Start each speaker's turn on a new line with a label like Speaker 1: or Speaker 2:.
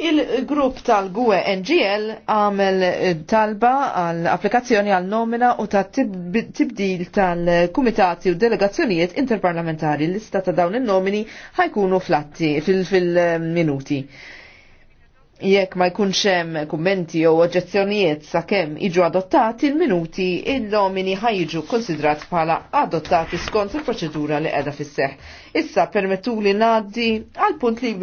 Speaker 1: Il-grupp tal-GUE NGL għamel eh, talba għal applikazzjoni għal nomina u ta' tibdil tal-kumitati u delegazzjonijiet interparlamentari. Lista ta' dawn il-nomini ħajkunu flatti fil-minuti. Jekk ma jkunx hemm kummenti jew oġġezzjonijiet sakemm jiġu adottati il-minuti il-nomini ħajġu konsidrat bħala adottati skont il-proċedura li qiegħda fis Issa permettu li ngħaddi għal punt li